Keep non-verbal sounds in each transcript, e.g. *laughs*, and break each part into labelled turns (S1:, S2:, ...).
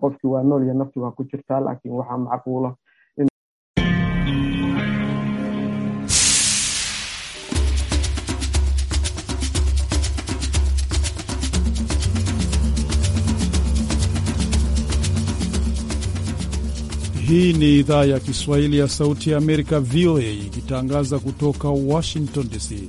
S1: qofki waa nool iyo nafti waa ku jirtaa laakiin waxaa macquula ah
S2: Hii ni idhaa ya Kiswahili ya Sauti ya Amerika, VOA, ikitangaza kutoka Washington DC.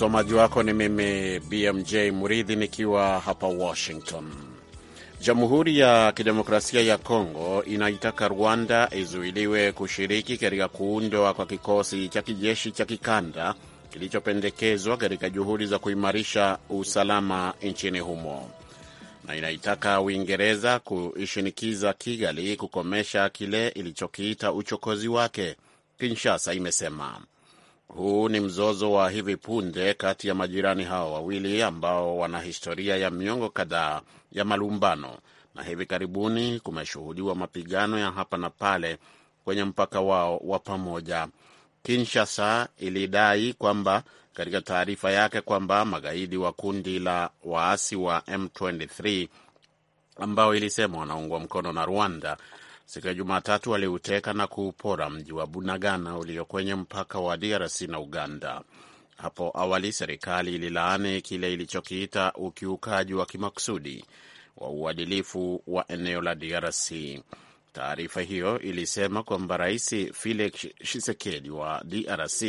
S3: Msomaji wako ni mimi BMJ Muridhi nikiwa hapa Washington. Jamhuri ya Kidemokrasia ya Kongo inaitaka Rwanda izuiliwe kushiriki katika kuundwa kwa kikosi cha kijeshi cha kikanda kilichopendekezwa katika juhudi za kuimarisha usalama nchini humo, na inaitaka Uingereza kuishinikiza Kigali kukomesha kile ilichokiita uchokozi wake. Kinshasa imesema huu ni mzozo wa hivi punde kati ya majirani hao wawili ambao wana historia ya miongo kadhaa ya malumbano, na hivi karibuni kumeshuhudiwa mapigano ya hapa na pale kwenye mpaka wao wa pamoja. Kinshasa ilidai kwamba katika taarifa yake kwamba magaidi wa kundi la waasi wa M23 ambao ilisema wanaungwa mkono na Rwanda siku ya Jumatatu aliuteka na kuupora mji wa Bunagana ulio kwenye mpaka wa DRC na Uganda. Hapo awali serikali ililaani kile ilichokiita ukiukaji wa kimakusudi wa uadilifu wa eneo la DRC. Taarifa hiyo ilisema kwamba Rais Felix Tshisekedi wa DRC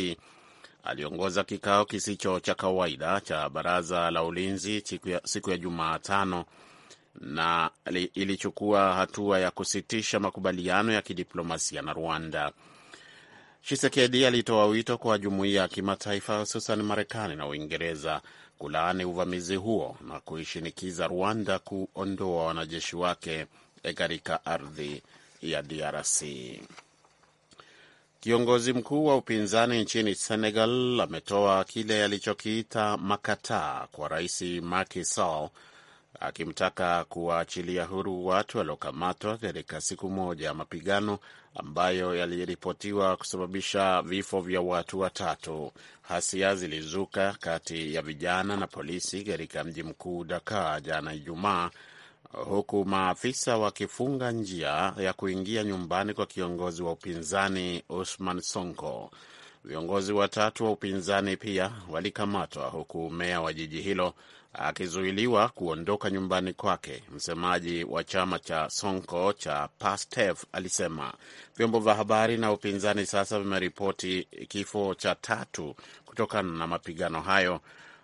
S3: aliongoza kikao kisicho cha kawaida cha baraza la ulinzi siku ya Jumatano na ilichukua hatua ya kusitisha makubaliano ya kidiplomasia na Rwanda. chisekedi alitoa wito kwa jumuiya ya kimataifa hususan Marekani na Uingereza kulaani uvamizi huo na kuishinikiza Rwanda kuondoa wanajeshi wake e, katika ardhi ya DRC. Kiongozi mkuu wa upinzani nchini Senegal ametoa kile alichokiita makataa kwa rais Macky Sall akimtaka kuwaachilia huru watu waliokamatwa katika siku moja ya mapigano ambayo yaliripotiwa kusababisha vifo vya watu watatu. Hasia zilizuka kati ya vijana na polisi katika mji mkuu Dakar jana Ijumaa, huku maafisa wakifunga njia ya kuingia nyumbani kwa kiongozi wa upinzani Usman Sonko. Viongozi watatu wa upinzani pia walikamatwa, huku meya wa jiji hilo akizuiliwa kuondoka nyumbani kwake. Msemaji wa chama cha Sonko cha Pastef alisema vyombo vya habari na upinzani sasa vimeripoti kifo cha tatu kutokana na mapigano hayo,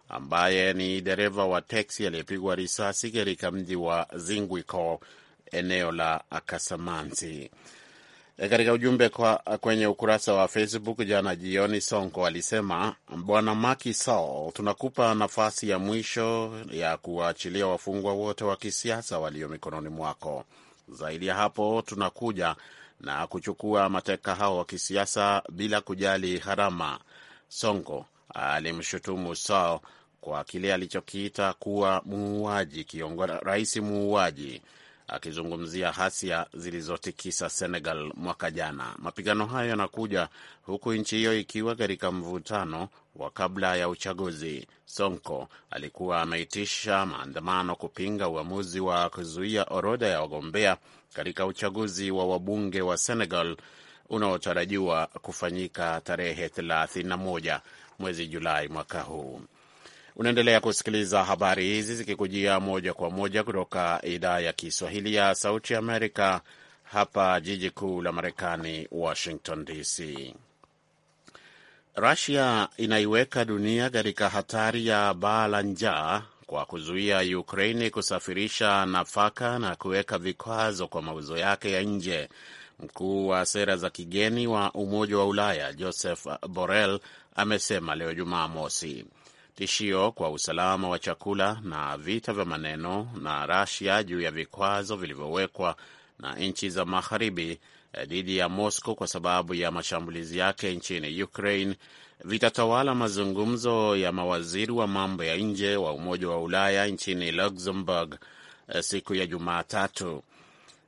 S3: ambaye ni dereva wa teksi aliyepigwa risasi katika mji wa Zingwiko, eneo la akasamansi katika ujumbe kwa kwenye ukurasa wa Facebook jana jioni, Sonko alisema Bwana Macky Sall, tunakupa nafasi ya mwisho ya kuwaachilia wafungwa wote wa kisiasa walio mikononi mwako. Zaidi ya hapo, tunakuja na kuchukua mateka hao wa kisiasa bila kujali gharama. Sonko alimshutumu Sall kwa kile alichokiita kuwa muuaji, kiongozi rais muuaji akizungumzia hasia zilizotikisa Senegal mwaka jana. Mapigano hayo yanakuja huku nchi hiyo ikiwa katika mvutano wa kabla ya uchaguzi. Sonko alikuwa ameitisha maandamano kupinga uamuzi wa kuzuia orodha ya wagombea katika uchaguzi wa wabunge wa Senegal unaotarajiwa kufanyika tarehe 31 mwezi Julai mwaka huu. Unaendelea kusikiliza habari hizi zikikujia moja kwa moja kutoka idhaa ya Kiswahili ya Sauti Amerika, hapa jiji kuu la Marekani, Washington DC. Rusia inaiweka dunia katika hatari ya baa la njaa kwa kuzuia Ukraini kusafirisha nafaka na kuweka vikwazo kwa mauzo yake ya nje. Mkuu wa sera za kigeni wa Umoja wa Ulaya Joseph Borrell amesema leo jumaa mosi tishio kwa usalama wa chakula na vita vya maneno na Rasia juu ya vikwazo vilivyowekwa na nchi za magharibi eh, dhidi ya Moscow kwa sababu ya mashambulizi yake nchini Ukraine vitatawala mazungumzo ya mawaziri wa mambo ya nje wa Umoja wa Ulaya nchini Luxembourg eh, siku ya Jumatatu.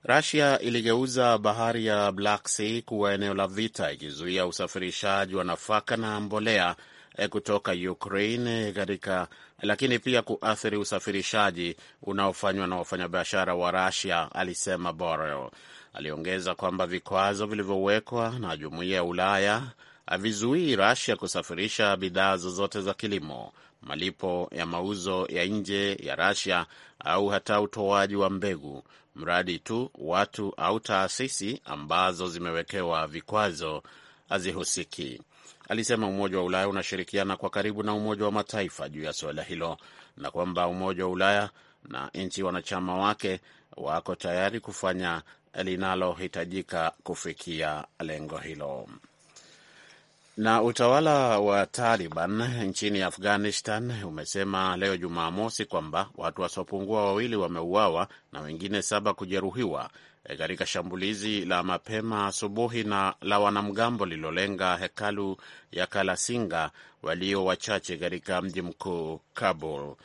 S3: Rasia iligeuza bahari ya Black Sea kuwa eneo la vita, ikizuia usafirishaji wa nafaka na mbolea Eh, kutoka Ukraine katika lakini pia kuathiri usafirishaji unaofanywa na wafanyabiashara wa Russia, alisema Borrell. Aliongeza kwamba vikwazo vilivyowekwa na jumuiya ya Ulaya havizuii Russia kusafirisha bidhaa zozote za kilimo, malipo ya mauzo ya nje ya Russia au hata utoaji wa mbegu, mradi tu watu au taasisi ambazo zimewekewa vikwazo hazihusiki alisema Umoja wa Ulaya unashirikiana kwa karibu na Umoja wa Mataifa juu ya suala hilo na kwamba Umoja wa Ulaya na nchi wanachama wake wako tayari kufanya linalohitajika kufikia lengo hilo. Na utawala wa Taliban nchini Afghanistan umesema leo Jumamosi kwamba watu wasiopungua wawili wameuawa na wengine saba kujeruhiwa e, katika shambulizi la mapema asubuhi na la wanamgambo lililolenga hekalu ya Kalasinga walio wachache katika mji mkuu Kabul.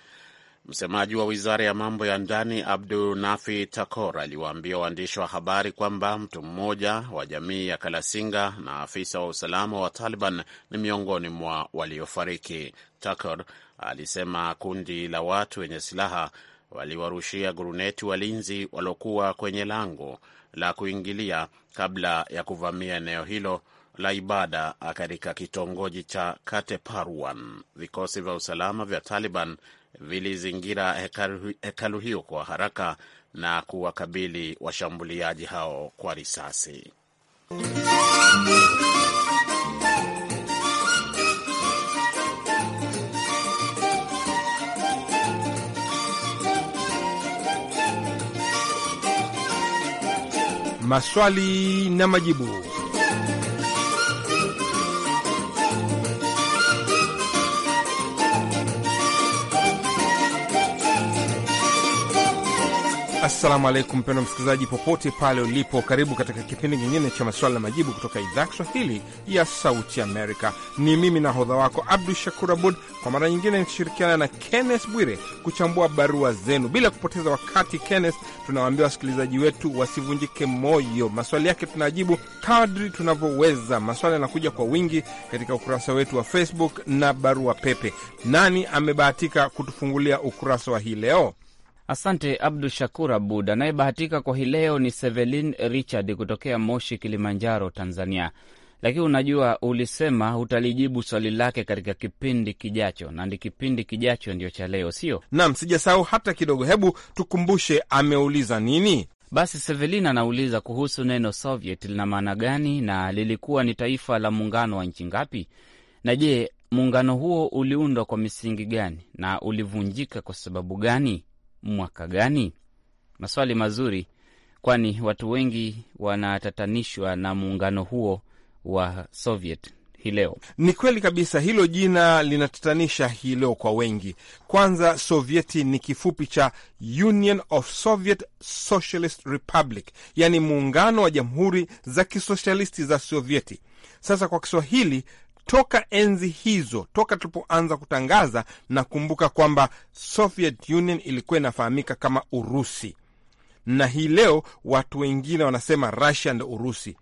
S3: Msemaji wa wizara ya mambo ya ndani Abdu Nafi Takor aliwaambia waandishi wa habari kwamba mtu mmoja wa jamii ya Kalasinga na afisa wa usalama wa Taliban ni miongoni mwa waliofariki. Takor alisema kundi la watu wenye silaha waliwarushia guruneti walinzi waliokuwa kwenye lango la kuingilia kabla ya kuvamia eneo hilo la ibada katika kitongoji cha Kateparwan. Vikosi vya usalama vya Taliban vilizingira hekalu, hiyo kwa haraka na kuwakabili washambuliaji hao kwa risasi.
S1: Maswali na majibu. Assalamu alaikum, mpendo msikilizaji, popote pale ulipo, karibu katika kipindi kingine cha maswala na majibu kutoka idhaa Kiswahili ya Sauti Amerika. Ni mimi nahodha wako Abdu Shakur Abud, kwa mara nyingine nikishirikiana na Kenneth Bwire kuchambua barua zenu. Bila kupoteza wakati, Kenneth, tunawaambia wasikilizaji wetu wasivunjike moyo, maswali yake tunajibu kadri tunavyoweza. Maswali yanakuja kwa wingi katika ukurasa wetu wa Facebook na barua pepe. Nani amebahatika kutufungulia ukurasa wa hii leo? Asante
S4: Abdu Shakur Abud. Anayebahatika kwa hii leo ni Sevelin Richard kutokea Moshi, Kilimanjaro, Tanzania. Lakini unajua, ulisema utalijibu swali lake katika kipindi kijacho, na ndi kipindi kijacho ndio cha leo, sio?
S1: Naam, sijasahau hata kidogo. Hebu tukumbushe,
S4: ameuliza nini? Basi Sevelin anauliza kuhusu neno Soviet lina maana gani, na lilikuwa ni taifa la muungano wa nchi ngapi? Na je, muungano huo uliundwa kwa misingi gani na ulivunjika kwa sababu gani? mwaka gani? Maswali mazuri, kwani watu wengi wanatatanishwa na
S1: muungano huo wa Soviet hii leo. Ni kweli kabisa, hilo jina linatatanisha hii leo kwa wengi. Kwanza, Sovieti ni kifupi cha Union of Soviet Socialist Republic, yaani muungano wa jamhuri za kisosialisti za Sovieti. Sasa kwa Kiswahili toka enzi hizo, toka tulipoanza kutangaza, na kumbuka kwamba Soviet Union ilikuwa inafahamika kama Urusi, na hii leo watu wengine wanasema Russia ndo Urusi.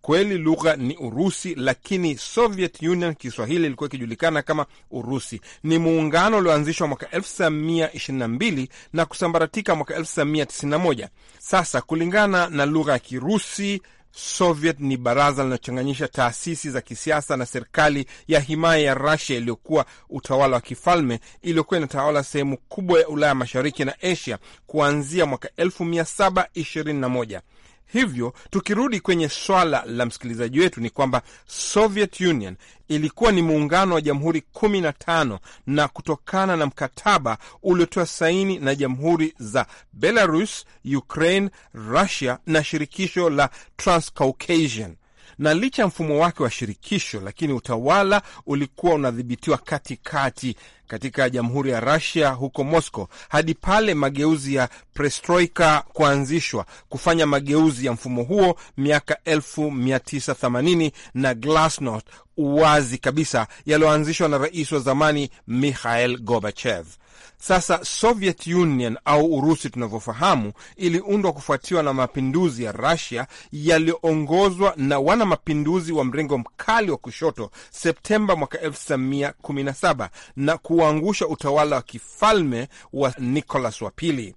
S1: Kweli lugha ni Urusi, lakini Soviet Union Kiswahili ilikuwa ikijulikana kama Urusi. Ni muungano ulioanzishwa mwaka 1922 na kusambaratika mwaka 1991. Sasa kulingana na lugha ya Kirusi Soviet ni baraza linalochanganyisha taasisi za kisiasa na serikali ya himaya ya Rasia iliyokuwa utawala wa kifalme iliyokuwa inatawala sehemu kubwa ya Ulaya Mashariki na Asia kuanzia mwaka 1721. Hivyo tukirudi kwenye swala la msikilizaji wetu ni kwamba Soviet Union ilikuwa ni muungano wa jamhuri kumi na tano na kutokana na mkataba uliotoa saini na jamhuri za Belarus, Ukraine, Russia na shirikisho la Transcaucasian na licha ya mfumo wake wa shirikisho, lakini utawala ulikuwa unadhibitiwa katikati katika jamhuri ya Rasia huko Moscow hadi pale mageuzi ya Perestroika kuanzishwa kufanya mageuzi ya mfumo huo miaka 1980 na Glasnost uwazi kabisa yaliyoanzishwa na rais wa zamani Mikhail Gorbachev. Sasa Soviet Union au Urusi tunavyofahamu iliundwa kufuatiwa na mapinduzi ya Rusia yaliyoongozwa na wana mapinduzi wa mrengo mkali wa kushoto Septemba mwaka 1917 na kuangusha utawala wa kifalme wa Nicholas wa pili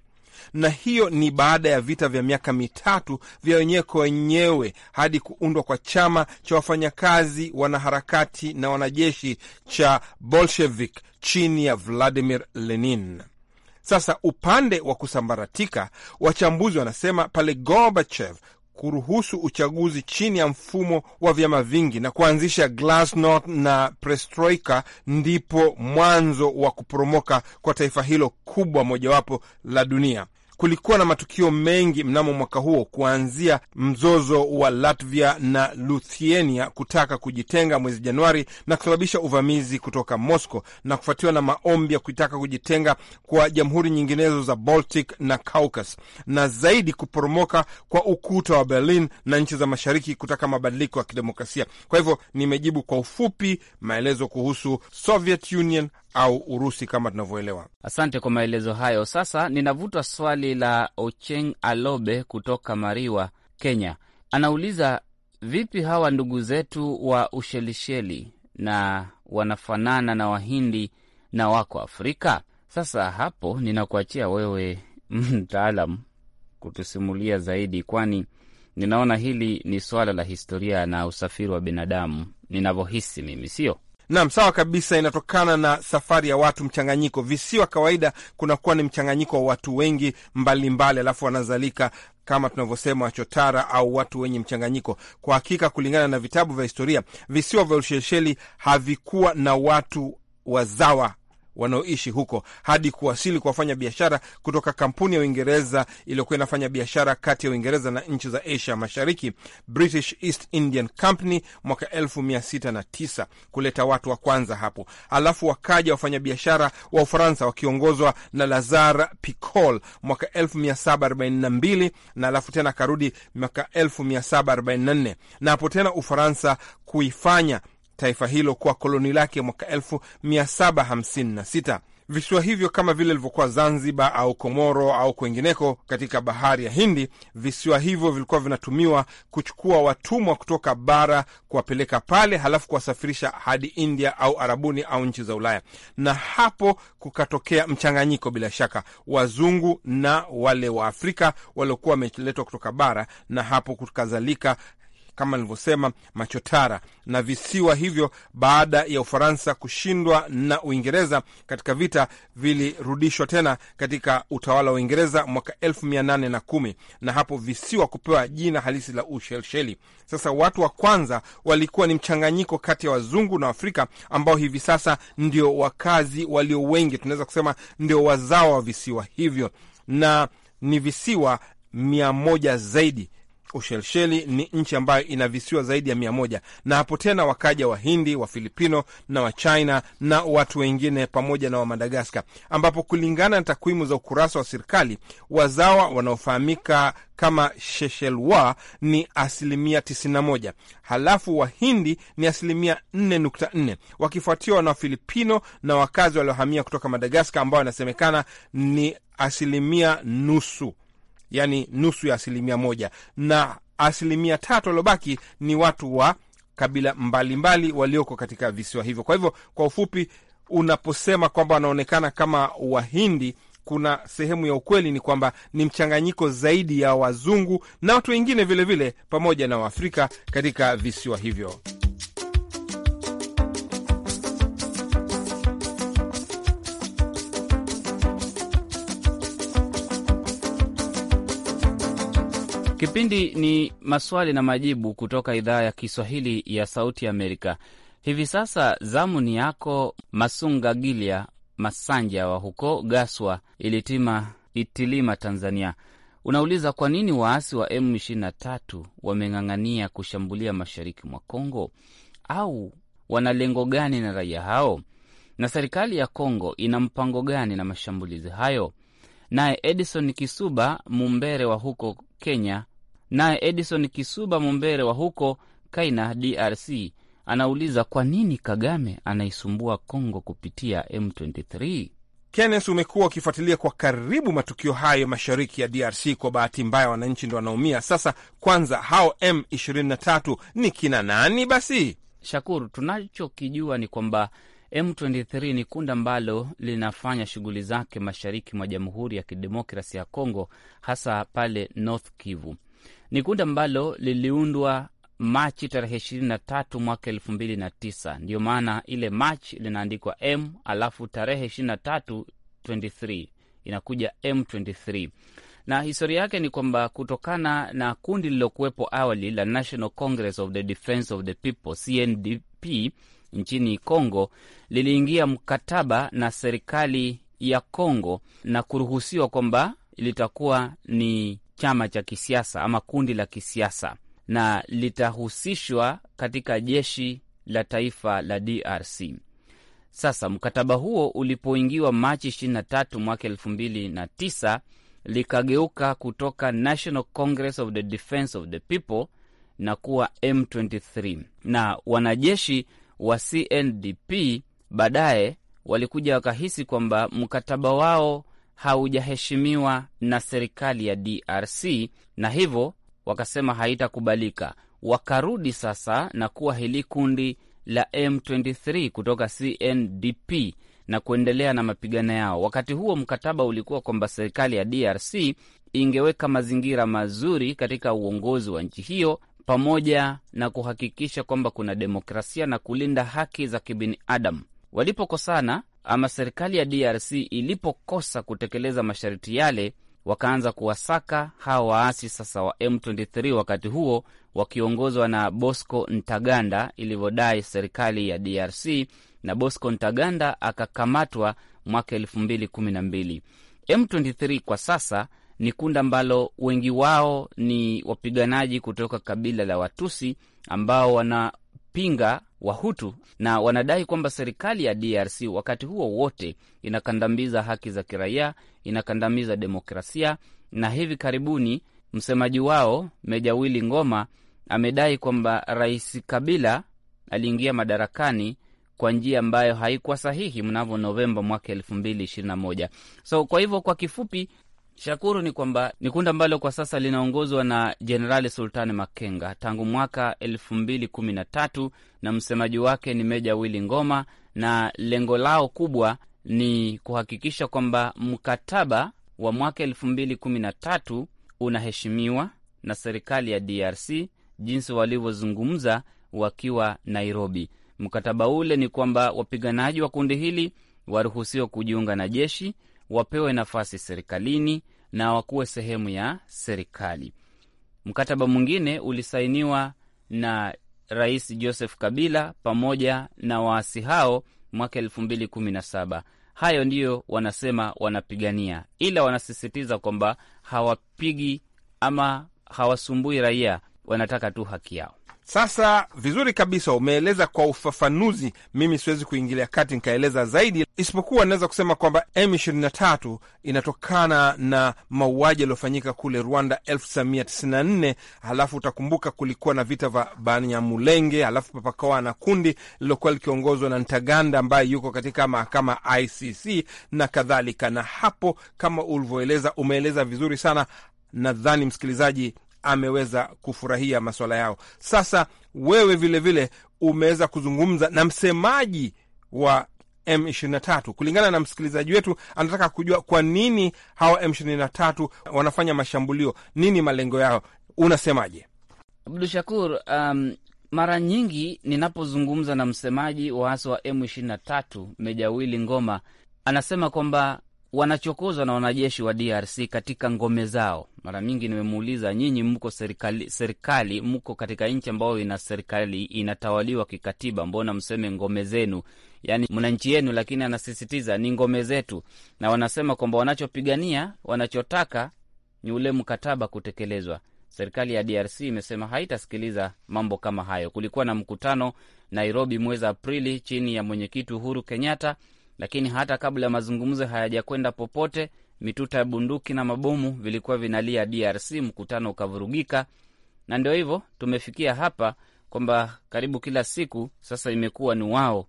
S1: na hiyo ni baada ya vita vya miaka mitatu vya wenyewe kwa wenyewe hadi kuundwa kwa chama cha wafanyakazi, wanaharakati na wanajeshi cha Bolshevik chini ya Vladimir Lenin. Sasa upande wa kusambaratika, wachambuzi wanasema pale Gorbachev kuruhusu uchaguzi chini ya mfumo wa vyama vingi na kuanzisha glasnost na perestroika, ndipo mwanzo wa kuporomoka kwa taifa hilo kubwa mojawapo la dunia kulikuwa na matukio mengi mnamo mwaka huo, kuanzia mzozo wa Latvia na Lithuania kutaka kujitenga mwezi Januari na kusababisha uvamizi kutoka Moscow na kufuatiwa na maombi ya kutaka kujitenga kwa jamhuri nyinginezo za Baltic na Caucasus, na zaidi kuporomoka kwa ukuta wa Berlin na nchi za mashariki kutaka mabadiliko ya kidemokrasia. Kwa hivyo nimejibu kwa ufupi maelezo kuhusu Soviet Union au Urusi kama tunavyoelewa. Asante kwa maelezo hayo. Sasa ninavuta swali
S4: la Ocheng Alobe kutoka Mariwa, Kenya. Anauliza, vipi hawa ndugu zetu wa Ushelisheli na wanafanana na Wahindi na wako Afrika? Sasa hapo ninakuachia wewe *laughs* mtaalam kutusimulia zaidi, kwani ninaona hili ni swala la
S1: historia na usafiri wa binadamu, ninavyohisi mimi, sio Nam, sawa kabisa. Inatokana na safari ya watu, mchanganyiko. Visiwa kawaida kunakuwa ni mchanganyiko wa watu wengi mbalimbali, alafu wanazalika kama tunavyosema wachotara au watu wenye mchanganyiko. Kwa hakika, kulingana na vitabu vya historia, visiwa vya Ushelisheli havikuwa na watu wazawa wanaoishi huko hadi kuwasili kwa wafanya biashara kutoka kampuni ya Uingereza iliyokuwa inafanya biashara kati ya Uingereza na nchi za Asia Mashariki, British East Indian Company, mwaka 1609 kuleta watu wa kwanza hapo. Alafu wakaja wafanyabiashara wa Ufaransa wakiongozwa na Lazar Picol mwaka 1742 na alafu tena akarudi mwaka 1744 na hapo tena Ufaransa kuifanya taifa hilo kuwa koloni lake mwaka 1756. Visiwa hivyo kama vile vilivyokuwa Zanzibar au Komoro au kwengineko katika bahari ya Hindi, visiwa hivyo vilikuwa vinatumiwa kuchukua watumwa kutoka bara kuwapeleka pale, halafu kuwasafirisha hadi India au Arabuni au nchi za Ulaya, na hapo kukatokea mchanganyiko, bila shaka, wazungu na wale wa Afrika waliokuwa wameletwa kutoka bara, na hapo kukazalika kama nilivyosema, machotara na visiwa hivyo, baada ya Ufaransa kushindwa na Uingereza katika vita, vilirudishwa tena katika utawala wa Uingereza mwaka 1810 na hapo visiwa kupewa jina halisi la Ushelsheli. Sasa watu wa kwanza walikuwa ni mchanganyiko kati ya wazungu na Waafrika ambao hivi sasa ndio wakazi walio wengi, tunaweza kusema ndio wazao wa visiwa hivyo, na ni visiwa mia moja zaidi Ushelsheli ni nchi ambayo ina visiwa zaidi ya mia moja na hapo tena wakaja Wahindi, Wafilipino na Wachina na watu wengine pamoja na Wamadagaskar, ambapo kulingana na takwimu za ukurasa wa serikali wazawa wanaofahamika kama Sheshelwa ni asilimia 91, halafu Wahindi ni asilimia 4.4, wakifuatiwa na Wafilipino na wakazi waliohamia kutoka Madagaskar ambao wanasemekana ni asilimia nusu yani nusu ya asilimia moja, na asilimia tatu waliobaki ni watu wa kabila mbalimbali walioko katika visiwa hivyo. Kwa hivyo, kwa ufupi, unaposema kwamba wanaonekana kama Wahindi, kuna sehemu ya ukweli ni kwamba ni mchanganyiko zaidi ya wazungu na watu wengine vilevile, pamoja na Waafrika katika visiwa hivyo.
S4: Kipindi ni maswali na majibu kutoka idhaa ya Kiswahili ya Sauti Amerika. Hivi sasa zamu ni yako Masunga Gilia Masanja wa huko Gaswa Ilitima, Itilima, Tanzania. Unauliza, kwa nini waasi wa M23 wameng'ang'ania kushambulia mashariki mwa Kongo, au wana lengo gani na raia hao, na serikali ya Kongo ina mpango gani na mashambulizi hayo? Naye Edison Kisuba Mumbere wa huko Kenya. Naye Edison Kisuba Mombere wa huko Kaina, DRC, anauliza kwa nini Kagame anaisumbua Kongo
S1: kupitia M23? kenes umekuwa ukifuatilia kwa karibu matukio hayo mashariki ya DRC. Kwa bahati mbaya, wananchi ndo wanaumia. Sasa kwanza, hao M23 ni kina nani? Basi Shakuru, tunachokijua ni kwamba M23
S4: ni kundi ambalo linafanya shughuli zake mashariki mwa Jamhuri ya Kidemokrasi ya Kongo, hasa pale North Kivu. Ni kundi ambalo liliundwa Machi tarehe 23 mwaka elfu Ndiyo maana ile Machi linaandikwa M alafu tarehe ishirini 23 inakuja M23 na historia yake ni kwamba kutokana na kundi lililokuwepo awali la National Congress of the Defense of the People CNDP nchini congo liliingia mkataba na serikali ya congo na kuruhusiwa kwamba litakuwa ni chama cha kisiasa ama kundi la kisiasa na litahusishwa katika jeshi la taifa la DRC. Sasa mkataba huo ulipoingiwa Machi 23 mwaka 2009 likageuka kutoka National Congress of the Defense of the People na kuwa M23 na wanajeshi wa CNDP baadaye walikuja wakahisi kwamba mkataba wao haujaheshimiwa na serikali ya DRC na hivyo wakasema haitakubalika. Wakarudi sasa na kuwa hili kundi la M23 kutoka CNDP na kuendelea na mapigano yao. Wakati huo mkataba ulikuwa kwamba serikali ya DRC ingeweka mazingira mazuri katika uongozi wa nchi hiyo, pamoja na kuhakikisha kwamba kuna demokrasia na kulinda haki za kibinadamu. Walipokosana ama serikali ya DRC ilipokosa kutekeleza masharti yale, wakaanza kuwasaka hawa waasi sasa wa M23, wakati huo wakiongozwa na Bosco Ntaganda, ilivyodai serikali ya DRC, na Bosco Ntaganda akakamatwa mwaka elfu mbili kumi na mbili. M23 kwa sasa ni kundi ambalo wengi wao ni wapiganaji kutoka kabila la Watusi ambao wanapinga Wahutu na wanadai kwamba serikali ya DRC wakati huo wote inakandamiza haki za kiraia, inakandamiza demokrasia. Na hivi karibuni msemaji wao Meja Willy Ngoma amedai kwamba Rais Kabila aliingia madarakani kwa njia ambayo haikuwa sahihi mnavyo Novemba mwaka elfu mbili ishirini na moja. So kwa hivyo, kwa kifupi, Shakuru, ni kwamba ni kundi ambalo kwa sasa linaongozwa na Jenerali Sultani Makenga tangu mwaka elfu mbili kumi na tatu na msemaji wake ni Meja Willy Ngoma, na lengo lao kubwa ni kuhakikisha kwamba mkataba wa mwaka elfu mbili kumi na tatu unaheshimiwa na serikali ya DRC jinsi walivyozungumza wakiwa Nairobi. Mkataba ule ni kwamba wapiganaji wa kundi hili waruhusiwa kujiunga na jeshi wapewe nafasi serikalini na wakuwe sehemu ya serikali. Mkataba mwingine ulisainiwa na Rais Joseph Kabila pamoja na waasi hao mwaka elfu mbili kumi na saba. Hayo ndiyo wanasema wanapigania, ila wanasisitiza kwamba hawapigi ama hawasumbui raia,
S1: wanataka tu haki yao. Sasa vizuri kabisa, umeeleza kwa ufafanuzi. Mimi siwezi kuingilia kati nikaeleza zaidi, isipokuwa naweza kusema kwamba M23 inatokana na mauaji yaliyofanyika kule Rwanda 1994. Halafu utakumbuka kulikuwa na vita vya Banyamulenge, halafu papakawa na kundi lililokuwa likiongozwa na Ntaganda ambaye yuko katika mahakama ICC na kadhalika. Na hapo kama ulivyoeleza, umeeleza vizuri sana. Nadhani msikilizaji ameweza kufurahia masuala yao. Sasa wewe vilevile vile umeweza kuzungumza na msemaji wa M23. Kulingana na msikilizaji wetu, anataka kujua kwa nini hawa M23 wanafanya mashambulio, nini malengo yao? Unasemaje,
S4: Abdu Shakur? Um, mara nyingi ninapozungumza na msemaji waasi wa M23 Meja Wili Ngoma anasema kwamba wanachokozwa na wanajeshi wa DRC katika ngome zao. Mara nyingi nimemuuliza, nyinyi mko serikali, serikali mko katika nchi ambayo ina serikali inatawaliwa kikatiba, mbona mseme ngome zenu? Yani mna nchi yenu, lakini anasisitiza ni ngome zetu, na wanasema kwamba wanachopigania, wanachotaka ni ule mkataba kutekelezwa. Serikali ya DRC imesema haitasikiliza mambo kama hayo. Kulikuwa na mkutano Nairobi mwezi Aprili chini ya mwenyekiti Uhuru Kenyatta lakini hata kabla ya mazungumzo hayajakwenda popote, mituta ya bunduki na mabomu vilikuwa vinalia DRC, mkutano ukavurugika, na ndio hivyo tumefikia hapa kwamba karibu kila siku sasa imekuwa ni wao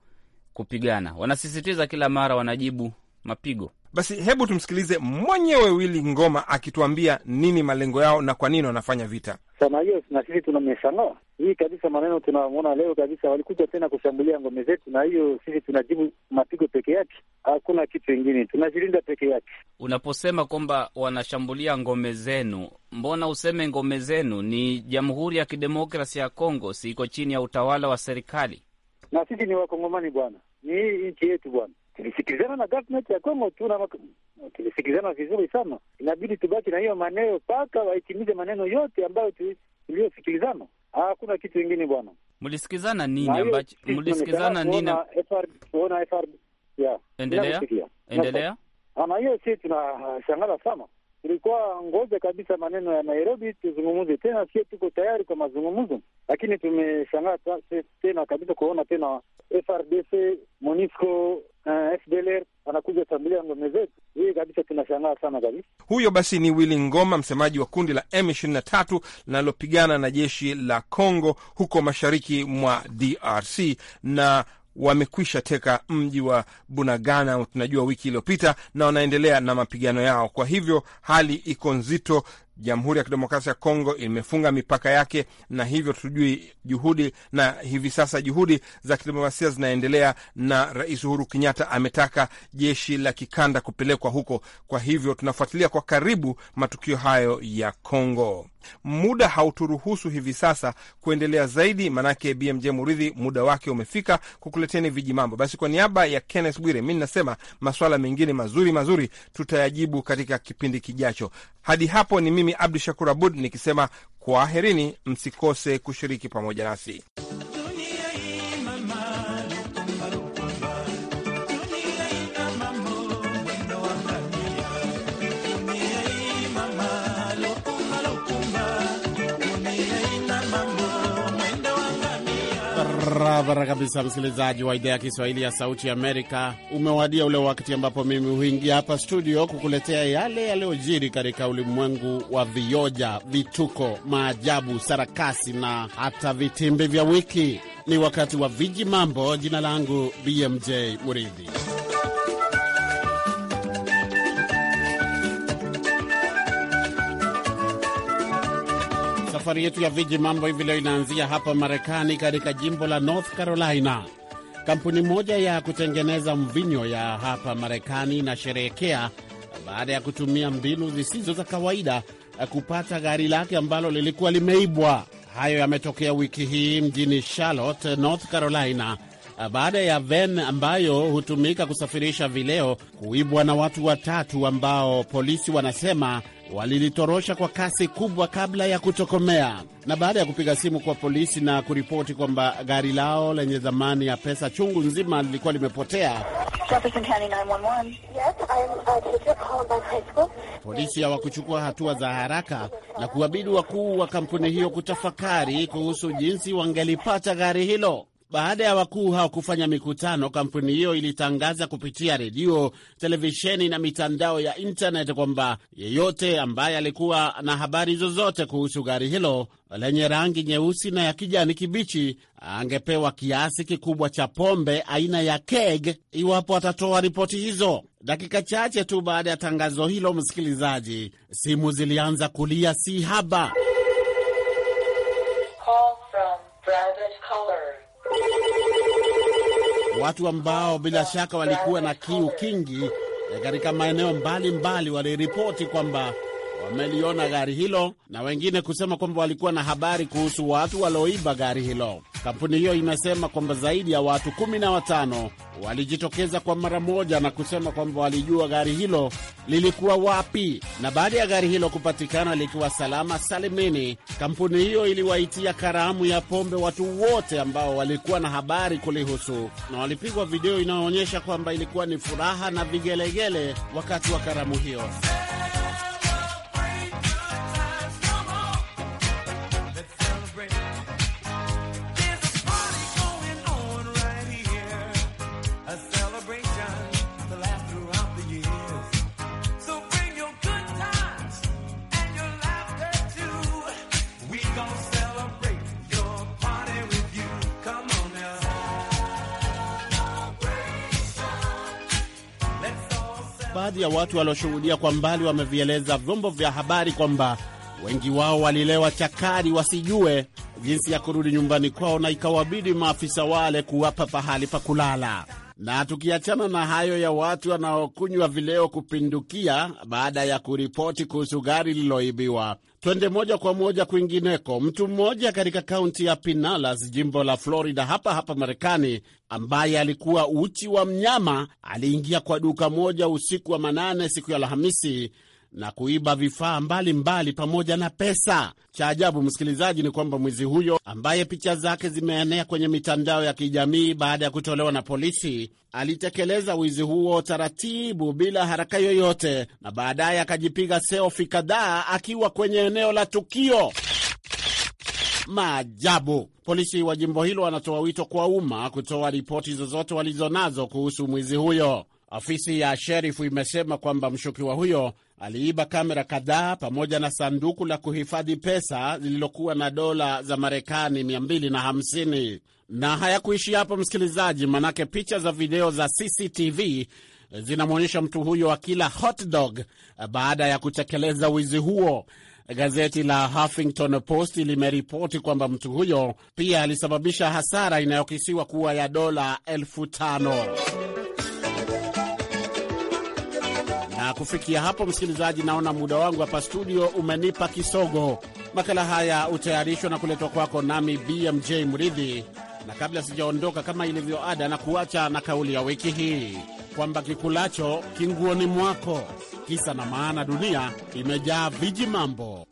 S4: kupigana. Wanasisitiza kila
S1: mara, wanajibu mapigo. Basi hebu tumsikilize mwenyewe Willy Ngoma akituambia nini malengo yao na kwa nini wanafanya vita.
S5: Sana hiyo na sisi tuna meshano hii kabisa, maneno tunamwona leo kabisa, walikuja tena kushambulia ngome zetu, na hiyo sisi tunajibu mapigo peke yake, hakuna kitu ingine, tunajilinda peke yake.
S4: Unaposema kwamba wanashambulia ngome zenu, mbona useme ngome zenu? Ni Jamhuri ya Kidemokrasi ya Kongo, si iko chini ya utawala wa serikali?
S5: Na sisi ni Wakongomani bwana, ni hii nchi yetu bwana tulisikilizana na government ya Kongo, na tulisikilizana vizuri sana. Inabidi tubaki na hiyo maneno mpaka wahitimize maneno yote ambayo tuliyosikilizana. Hakuna kitu ingine bwana.
S4: Mlisikizana nini ambacho mlisikizana nini? Kuona endelea endelea.
S5: Ana hiyo si tunashangaza sana, tulikuwa ngoja kabisa maneno ya Nairobi tuzungumuze tena, sio tuko tayari kwa mazungumzo, lakini tumeshangaa tena kabisa kuona tena FRDC MONUSCO kushambulia ngome zetu. Hii kabisa tunashangaa sana kabisa.
S1: Huyo basi ni Willy Ngoma, msemaji wa kundi la M23 linalopigana na jeshi la Congo huko mashariki mwa DRC na wamekwisha teka mji wa Bunagana, tunajua wiki iliyopita, na wanaendelea na mapigano yao. Kwa hivyo hali iko nzito Jamhuri ya Kidemokrasia ya Kongo imefunga mipaka yake, na hivyo tujui juhudi na hivi sasa juhudi za kidiplomasia zinaendelea, na Rais Uhuru Kenyatta ametaka jeshi la kikanda kupelekwa huko. Kwa hivyo tunafuatilia kwa karibu matukio hayo ya Kongo muda hauturuhusu hivi sasa kuendelea zaidi, manake BMJ Muridhi muda wake umefika kukuleteni viji mambo. Basi kwa niaba ya Kenneth Bwire, mi ninasema maswala mengine mazuri mazuri tutayajibu katika kipindi kijacho. Hadi hapo ni mimi Abdu Shakur Abud nikisema kwaherini, msikose kushiriki pamoja nasi.
S3: Barabara kabisa, msikilizaji wa idhaa ya Kiswahili ya Sauti ya Amerika. Umewadia ule wakati ambapo mimi huingia hapa studio kukuletea yale yaliyojiri katika ulimwengu wa vioja, vituko, maajabu, sarakasi na hata vitimbi vya wiki. Ni wakati wa viji mambo. Jina langu BMJ Muridhi. Safari yetu ya viji mambo hivi leo inaanzia hapa Marekani, katika jimbo la North Carolina. Kampuni moja ya kutengeneza mvinyo ya hapa Marekani inasherehekea baada ya kutumia mbinu zisizo za kawaida kupata gari lake ambalo lilikuwa limeibwa. Hayo yametokea wiki hii mjini Charlotte, North Carolina, baada ya ven ambayo hutumika kusafirisha vileo kuibwa na watu watatu ambao polisi wanasema walilitorosha kwa kasi kubwa kabla ya kutokomea. Na baada ya kupiga simu kwa polisi na kuripoti kwamba gari lao lenye thamani ya pesa chungu nzima lilikuwa limepotea, polisi hawakuchukua hatua za haraka na kuwabidi wakuu wa kampuni hiyo kutafakari kuhusu jinsi wangelipata gari hilo. Baada ya wakuu hao kufanya mikutano, kampuni hiyo ilitangaza kupitia redio, televisheni na mitandao ya intaneti kwamba yeyote ambaye alikuwa na habari zozote kuhusu gari hilo lenye rangi nyeusi na ya kijani kibichi angepewa kiasi kikubwa cha pombe aina ya keg iwapo atatoa ripoti hizo. Dakika chache tu baada ya tangazo hilo, msikilizaji, simu zilianza kulia si haba. watu ambao bila shaka walikuwa na kiu kingi eh, katika maeneo mbalimbali waliripoti kwamba wameliona gari hilo na wengine kusema kwamba walikuwa na habari kuhusu watu walioiba gari hilo. Kampuni hiyo imesema kwamba zaidi ya watu 15 walijitokeza kwa mara moja na kusema kwamba walijua gari hilo lilikuwa wapi, na baada ya gari hilo kupatikana likiwa salama salimini, kampuni hiyo iliwaitia karamu ya pombe watu wote ambao walikuwa na habari kulihusu, na walipigwa video inayoonyesha kwamba ilikuwa ni furaha na vigelegele wakati wa karamu hiyo. baadhi ya watu walioshuhudia kwa mbali wamevieleza vyombo vya habari kwamba wengi wao walilewa chakari wasijue jinsi ya kurudi nyumbani kwao, na ikawabidi maafisa wale kuwapa pahali pa kulala. Na tukiachana na hayo ya watu wanaokunywa vileo kupindukia baada ya kuripoti kuhusu gari lililoibiwa, twende moja kwa moja kwingineko. Mtu mmoja katika kaunti ya Pinellas, jimbo la Florida, hapa hapa Marekani, ambaye alikuwa uchi wa mnyama aliingia kwa duka moja usiku wa manane siku ya Alhamisi na kuiba vifaa mbalimbali pamoja na pesa. Cha ajabu, msikilizaji, ni kwamba mwizi huyo ambaye picha zake zimeenea kwenye mitandao ya kijamii baada ya kutolewa na polisi alitekeleza wizi huo taratibu, bila haraka yoyote, na baadaye akajipiga selfi kadhaa akiwa kwenye eneo la tukio. Maajabu! Polisi wa jimbo hilo wanatoa wito kwa umma kutoa ripoti zozote walizonazo kuhusu mwizi huyo. Ofisi ya sherifu imesema kwamba mshukiwa huyo aliiba kamera kadhaa pamoja na sanduku la kuhifadhi pesa lililokuwa na dola za Marekani 250. Na hayakuishi hapo, msikilizaji, manake picha za video za CCTV zinamwonyesha mtu huyo akila hot dog baada ya kutekeleza wizi huo. Gazeti la Huffington Post limeripoti kwamba mtu huyo pia alisababisha hasara inayokisiwa kuwa ya dola elfu tano kufikia hapo, msikilizaji, naona muda wangu hapa studio umenipa kisogo. Makala haya hutayarishwa na kuletwa kwako nami BMJ Mridhi, na kabla sijaondoka, kama ilivyo ada, na kuacha na kauli ya wiki hii kwamba kikulacho kinguoni mwako. Kisa na maana, dunia imejaa viji mambo.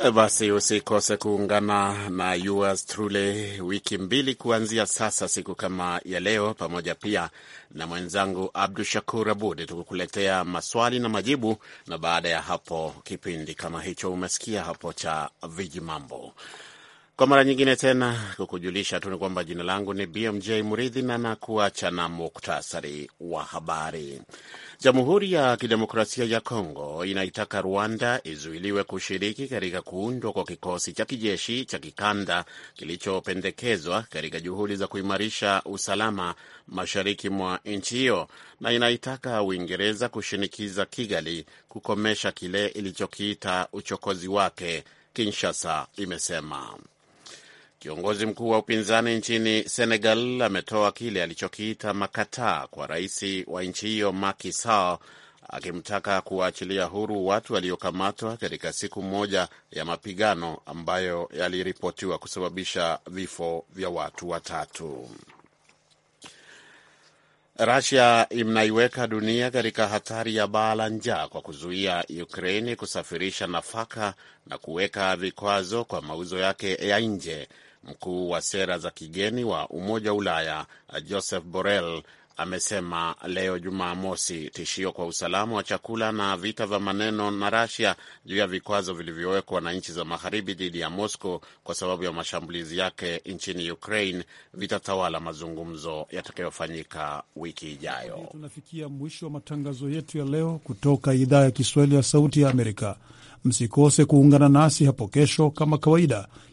S3: Eh, basi usikose kuungana na yours truly wiki mbili kuanzia sasa, siku kama ya leo, pamoja pia na mwenzangu Abdu Shakur Abud tukukuletea maswali na majibu, na baada ya hapo kipindi kama hicho umesikia hapo cha viji mambo. Kwa mara nyingine tena kukujulisha tu ni kwamba jina langu ni BMJ Murithi na nakuacha na muktasari wa habari. Jamhuri ya Kidemokrasia ya Kongo inaitaka Rwanda izuiliwe kushiriki katika kuundwa kwa kikosi cha kijeshi cha kikanda kilichopendekezwa katika juhudi za kuimarisha usalama mashariki mwa nchi hiyo, na inaitaka Uingereza kushinikiza Kigali kukomesha kile ilichokiita uchokozi wake, Kinshasa imesema. Kiongozi mkuu wa upinzani nchini Senegal ametoa kile alichokiita makataa kwa rais wa nchi hiyo Macky Sall akimtaka kuwaachilia huru watu waliokamatwa katika siku moja ya mapigano ambayo yaliripotiwa kusababisha vifo vya watu watatu. Rasia inaiweka dunia katika hatari ya baa la njaa kwa kuzuia Ukraini kusafirisha nafaka na kuweka vikwazo kwa mauzo yake ya nje Mkuu wa sera za kigeni wa Umoja wa Ulaya Joseph Borrell amesema leo Jumamosi tishio kwa usalama wa chakula na vita vya maneno na Rasia juu ya vikwazo vilivyowekwa na nchi za magharibi dhidi ya Moscow kwa sababu ya mashambulizi yake nchini Ukraine vitatawala mazungumzo yatakayofanyika wiki ijayo.
S2: Tunafikia mwisho wa matangazo yetu ya leo kutoka idhaa ya Kiswahili ya Sauti ya Amerika. Msikose kuungana nasi hapo kesho kama kawaida